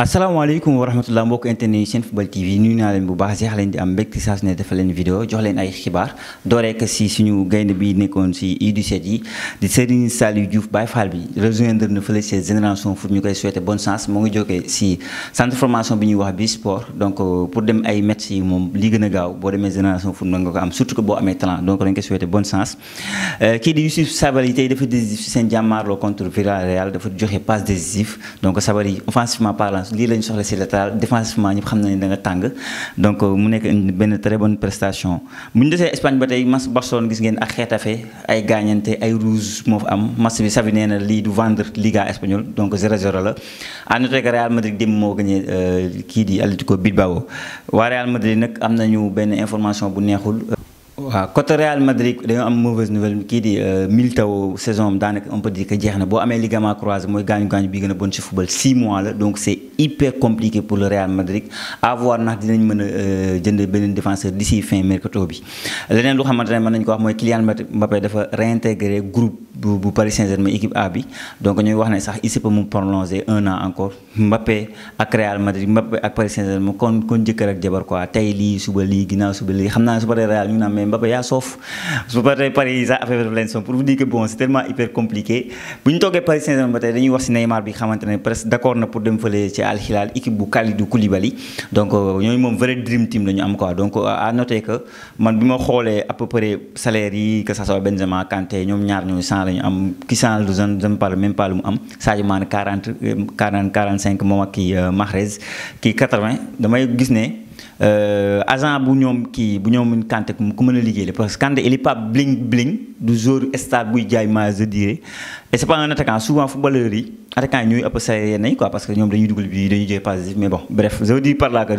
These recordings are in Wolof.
asalaamaaleykum wa rahmatulah mbokk internet yi seen football TV nuyu naa leen bu baax seex leen di am mbégte saa su ne defal jox leen ay xibaar dooreek si suñu gaynde bi nekkoon si U17 yi di Serigne Saliou Diouf Baye Fall bi rejoindre na fële si génération foot ñu koy souhaité bonne chance moo ngi jógee si centre formation bi ñuy wax bi sport donc euh, pour dem ay match yi moom li gën a gaaw boo demee génération foot mën nga ko am surtout que boo amee talent donc dañ koy souhaité bonne chance euh, kii di Youssouf Sabaly tey dafa décisif seen jàmmaarloo contre Villarreal dafa défense lii soxla si latéral défensivement ñëpp xam nañu da nga tàng donc euh, mu nekk benn très bonne prestation bu ñu Espagne batay mas Barcelone gis ngeen ak Getafe ay gaañante ay rouge moo fa am match bi Xavi nee na lii du vendre Liga espagnole donc 0-0 la à noter Real Madrid démb moo gagné euh, ki di Atlético Bilbao wa Real Madrid nak am nañu benn information bu neexul waaw côté Real Madrid dañoo am mauvaise nouvelle dit di euh, Miltao saison d'année, on peut dire que jeex na boo amee ligament croisé mooy gagne gaañu bi gën bon ci football 6 mois là, donc c'est hyper compliqué pour le Real Madrid avoir un dinañ mën euh, jënd beneen défenseur d'ici fin mercato bi leneen lu xamante ne mën ko wax mooy Kylian Mbappé dafa réintégré groupe bu Paris Saint-Germain équipe A bi donc ñuy wax né sax il se peut mu prolonger un an encore Mbappé ak Real Madrid Mbappé ak Paris Saint-Germain kon kon jëkër ak jabar quoi tay li suba li ginaaw suba li xamna suba Real ñu na mais Mbappé ya sauf suba paree Paris ça affaire fait leen soof pour vous dire que bon c'est tellement hyper compliqué buñ ñu Paris Saint-Germain ba dañuy wax si Neymar bi xamante presque d'accord na pour dem feulé ci Al Hilal équipe bu Kalidou Koulibaly donc euh, ñoy mom vrai dream team lañu am quoi donc euh, à noter que man bima xolé à peu près salaire yi que ça soit Benzema Kanté ñom ñaar ñooñu la ñu am Christian je ne parle même pas lu mu am Sadio Mané 40 40 45 moom ak kii Mahrez kii 80 damay gis ne euh, agent bu ñoom kii bu ñoom Kanté ku mën a liggéey la parce que Kanté il est pas bling bling du joueur stade buy jaay maillot de durée et c'est pas souvent footballeurs yi attaquants yi ëpp sa yenn quoi parce que ñoom dañuy dugal bi dañuy jël passe mais bon bref je veux dire par là que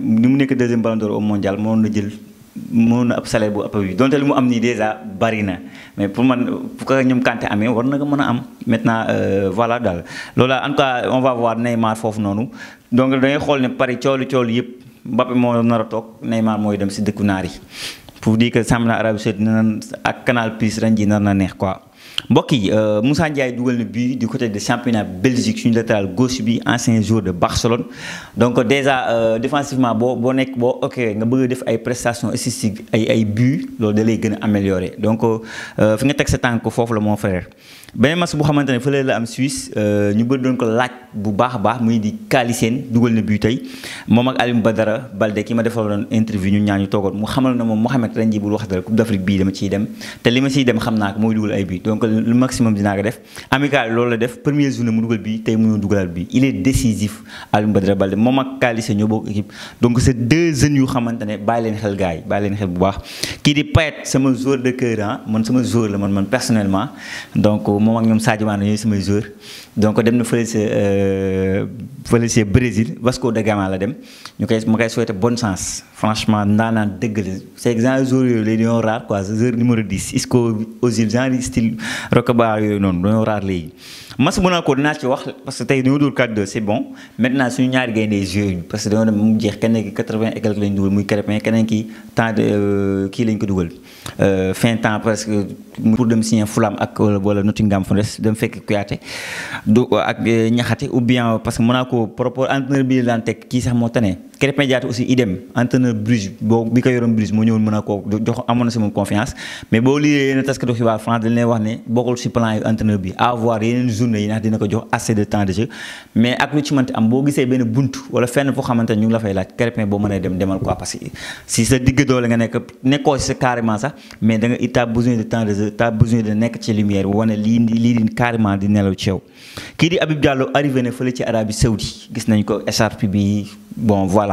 ni mu nekk deuxième ballon d'or au mondial mënoon na jël. mënoon na ab salaire bu ëpp bi donte li mu am nii dèjà bari na mais pour man pour que ñoom Kanté amee war na ko mën a am maintenant euh, voilà daal loolu en tout cas on voir Neymar foofu noonu donc da xool ne Paris coolu coolu yëpp Mbappé moo nar a toog Neymar mooy dem si dëkku naar yi pour dire que championnat Arabie Saoudite dina ak Canal Plus ren ji nar na neex quoi. mbokk yi euh, Moussa Ndiaye dougal na bi du côté de championnat Belgique suñu latéral gauche bi ancien joueur de Barcelone donc déjà euh, défensivement bo boo nekk boo ok nga bëgg def ay prestations assistiques ay ay buts loolu da lay gëna améliorer donc euh, fi nga tek sa tànk fofu la mon frère. beneen match bu xamantene ne la am Suisse ñu bëri doon ko laaj bu baax baax muy di Kalisen dougal na bi tay mom ak Alim Badara Balde ki ma defaloon interview ñu ñaan ñu toogoon mu xamal na mom Mohamed ren jii bul wax dara Coupe d'Afrique bi dama ciy dem te li ma ciy dem xamna naa ko mooy dugal ay buts donc le maximum dinaa ko def amical loolu la def premier journée mu dougal bi tey mënoo dugalaat bi il est décisif Alioune mbadra balde moom ak Kalisa ñoo bokk équipe donc c'est deux jeunes yu xamante bay leen xel gaay bay leen xel bu baax ki di Payet sama joueur de cœur hein man sama joueur la man man personnellement donc moom ak ñoom Sadio Mané ñooy samay joueur donc dem na feulé fële euh fële sa Brésil Vasco da Gama la dem ñukay koy ma koy souhaité bonne chance franchement nana dëgg c'est exemple joueur yooyu la ñoo quoi joueur numéro 10 Isco Ozil genre style Roquebar yooyu noonu dañoo raar léegi match Monaco dinaa ci wax parce que tay dañoo dóor 4-2 c'est bon maintenant suñu ñaari des jeux parce que dañoo mu jeex kenn ki 80 et lañ dugal muy Crépin kenen ki temps de euh, kii lañ ko euh fin temps parce que pour dem signer Fulham ak wala Nottingham Forest dem fekk Kouyaté du ak ñaxaté euh, ou bien parce que Monaco propre entraîneur bi lan tek ki sax mo tané Krépin Diatta aussi idem entraîneur Bruges boo bi ko yoroon Bruges moo ñëwoon mën a koo jox amoon na si moom confiance mais boo liiree yenn taskatu xibaar France dañ lay wax ne bokkul si plan yi entraîneur bi avoir yeneen journée yi ndax dina ko jox assez de temps de jeu mais ak lu ci mënti am boo gisee benn bunt wala fenn foo xamante ñu ngi laaj Krépin boo mënee dem demal quoi parce si sa digg doole nga nekk nekkoo si sa carrément sax mais da nga it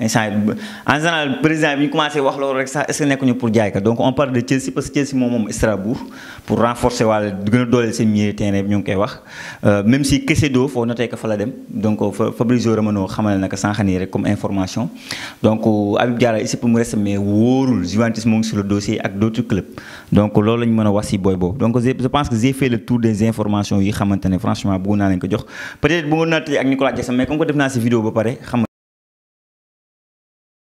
instant en général président bi commencé wax loolu rek ça, est ce que nekkuñu pour jaay ka donc on parle de Chelsea parce que Chelsea est moom Strasbourg pour renforcer Wall. gën a dooleel seen terrain ñu ngi wax euh, même si Caicedo foo notee que fa dem donc euh, Fabrizio Romano xamal na ko sànq nii rek comme information donc euh, Habib Diarra ici pour me reste mais wóorul Juventus mu ngi sur le dossier ak d'autres clubs donc loolu la ñu wax si booy donc je pense que j'ai fait le tour des informations yi xamante franchement bëggoon naa leen ko jox peut être bëggoon naa tëj ak Nicolas Jackson mais comme vous avez naa cette vidéo ba pare